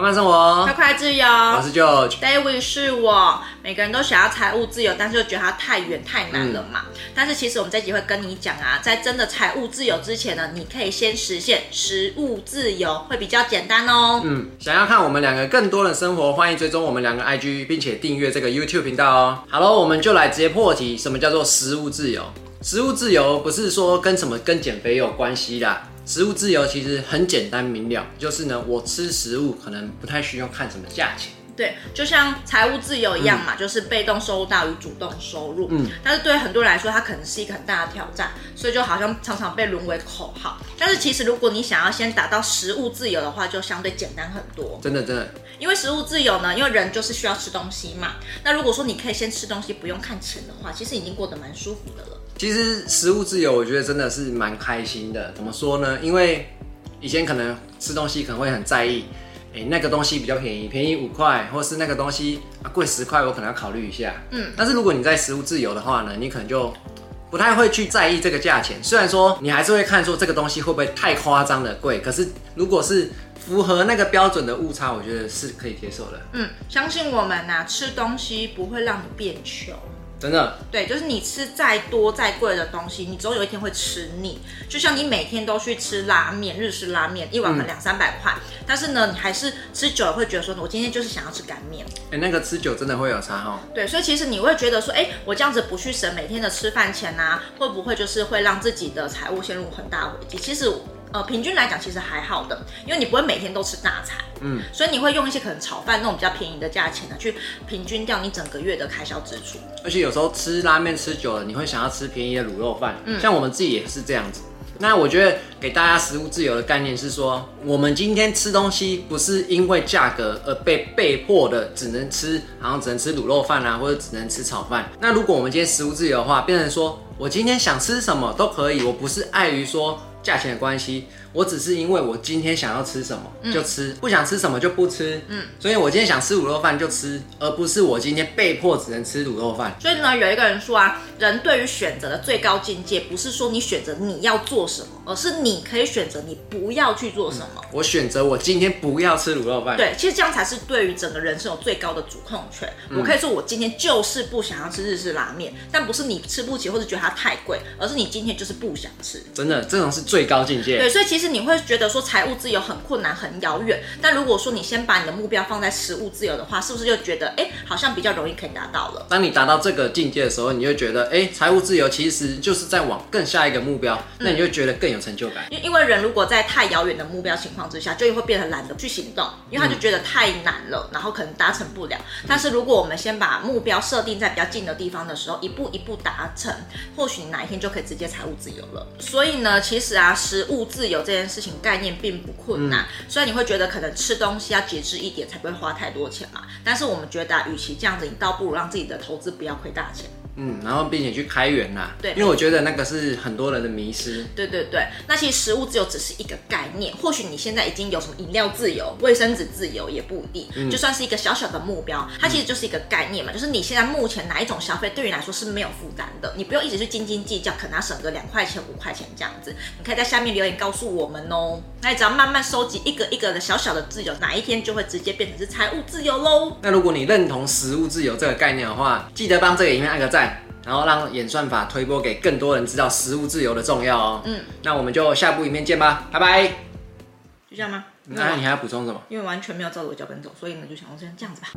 慢慢生活，快快自由。老師就：「David 是我。每個人都想要財務自由，但是又覺得它太遠太難了嘛、嗯？但是其實我們這集會跟你講啊，在真的財務自由之前呢，你可以先實現食物自由，會比較簡單哦、喔。嗯，想要看我們兩個更多的生活，歡迎追蹤我們兩個 IG，並且訂閱這個 YouTube 頻道哦、喔。好了，我們就來直接破題，什麼叫做食物自由？食物自由不是說跟什麼跟減肥有關係啦。食物自由其實很簡單明了，就是呢，我吃食物可能不太需要看什麼價錢。對，就像財務自由一樣嘛，嗯，就是被動收入大於主動收入。嗯，但是對很多人來說，它可能是一個很大的挑戰，所以就好像常常被淪為口號。但是其實，如果你想要先達到食物自由的話，就相對簡單很多。真的，真的。因為食物自由呢，因為人就是需要吃東西嘛。那如果說你可以先吃東西，不用看錢的話，其實已經過得蠻舒服的了。其實食物自由，我覺得真的是蠻開心的。怎麼說呢？因為以前可能吃東西可能會很在意。哎、欸，那個東西比較便宜，便宜五塊，或是那個東西啊貴十塊，塊我可能要考慮一下。嗯，但是如果你在食物自由的話呢，你可能就不太會去在意這個價錢。雖然說你還是會看說這個東西會不會太誇張的貴，可是如果是符合那個標準的誤差，我覺得是可以接受的。嗯，相信我們吶、啊，吃東西不會讓你變窮。真的，對，就是你吃再多再貴的東西，你總有一天會吃膩。就像你每天都去吃拉麵，日式拉面一碗兩三百塊，嗯，但是呢，你還是吃久了會覺得說，我今天就是想要吃乾麵。哎、欸，那個吃久真的會有差哈，哦？對，所以其實你會覺得說，哎、欸，我這樣子不去省每天的吃飯錢啊，會不會就是會讓自己的財務陷入很大危機？其實。呃，平均來講其實還好的，因為你不會每天都吃大餐，嗯，所以你會用一些可能炒飯那種比較便宜的價錢呢，去平均掉你整個月的開銷支出。而且有時候吃拉麵吃久了，你會想要吃便宜的滷肉飯，嗯，像我們自己也是這樣子。那我覺得給大家食物自由的概念是說，我們今天吃東西不是因為價格而被被迫的只能吃，好像只能吃滷肉飯啊，或者只能吃炒飯。那如果我們今天食物自由的話，變成說我今天想吃什麼都可以，我不是礙於說。價錢的關係，我只是因為我今天想要吃什麼就吃，嗯，不想吃什麼就不吃。嗯，所以我今天想吃滷肉飯就吃，而不是我今天被迫只能吃滷肉飯。所以呢，有一個人說啊，人對於選擇的最高境界，不是說你選擇你要做什麼，而是你可以選擇你不要去做什麼。嗯，我選擇我今天不要吃滷肉飯。對，其實這樣才是對於整個人生有最高的主控權。我可以說我今天就是不想要吃日式拉麵，嗯，但不是你吃不起或者覺得它太貴，而是你今天就是不想吃。真的，這種是。最高境界。對，所以其實你會覺得說財務自由很困難、很遙遠。但如果說你先把你的目標放在食物自由的話，是不是就覺得哎，好像比較容易可以達到了？當你達到這個境界的時候，你就覺得哎，財務自由其實就是在往更下一個目標。那你就覺得更有成就感。因、嗯、因為人如果在太遙遠的目標情況之下，就會變成懶得去行動，因為他就覺得太難了、嗯，然後可能達成不了。但是如果我們先把目標設定在比較近的地方的時候，一步一步達成，或許你哪一天就可以直接財務自由了。所以呢，其實。啊，食物自由這件事情概念並不困難，所、嗯、以你會覺得可能吃東西要節制一點才不會花太多錢嘛。但是我們覺得啊，與其這樣子，你倒不如讓自己的投資不要虧大錢。嗯，然後並且去開源啦。對，因為我覺得那個是很多人的迷思。對對對，那其實食物自由只是一個概念，或許你現在已經有什麼飲料自由、衛生紙自由也不一定、嗯，就算是一個小小的目標，它其實就是一個概念嘛，嗯、就是你現在目前哪一種消費對於你來說是沒有負擔的，你不用一直去斤斤計較，可能省個兩塊錢、五塊錢這樣子，你可以在下面留言告訴我們哦。那你只要慢慢收集一個一個的小小的自由，哪一天就會直接變成是財務自由嘍。那如果你認同食物自由這個概念的話，記得幫這個影片按個讚。然後讓演算法推播給更多人知道食物自由的重要哦。嗯，那我們就下部影片見吧，拜拜。就這樣嗎？那、啊、你還要補充什麼？因為完全沒有照着我腳本走，所以呢，就想到先這樣子吧。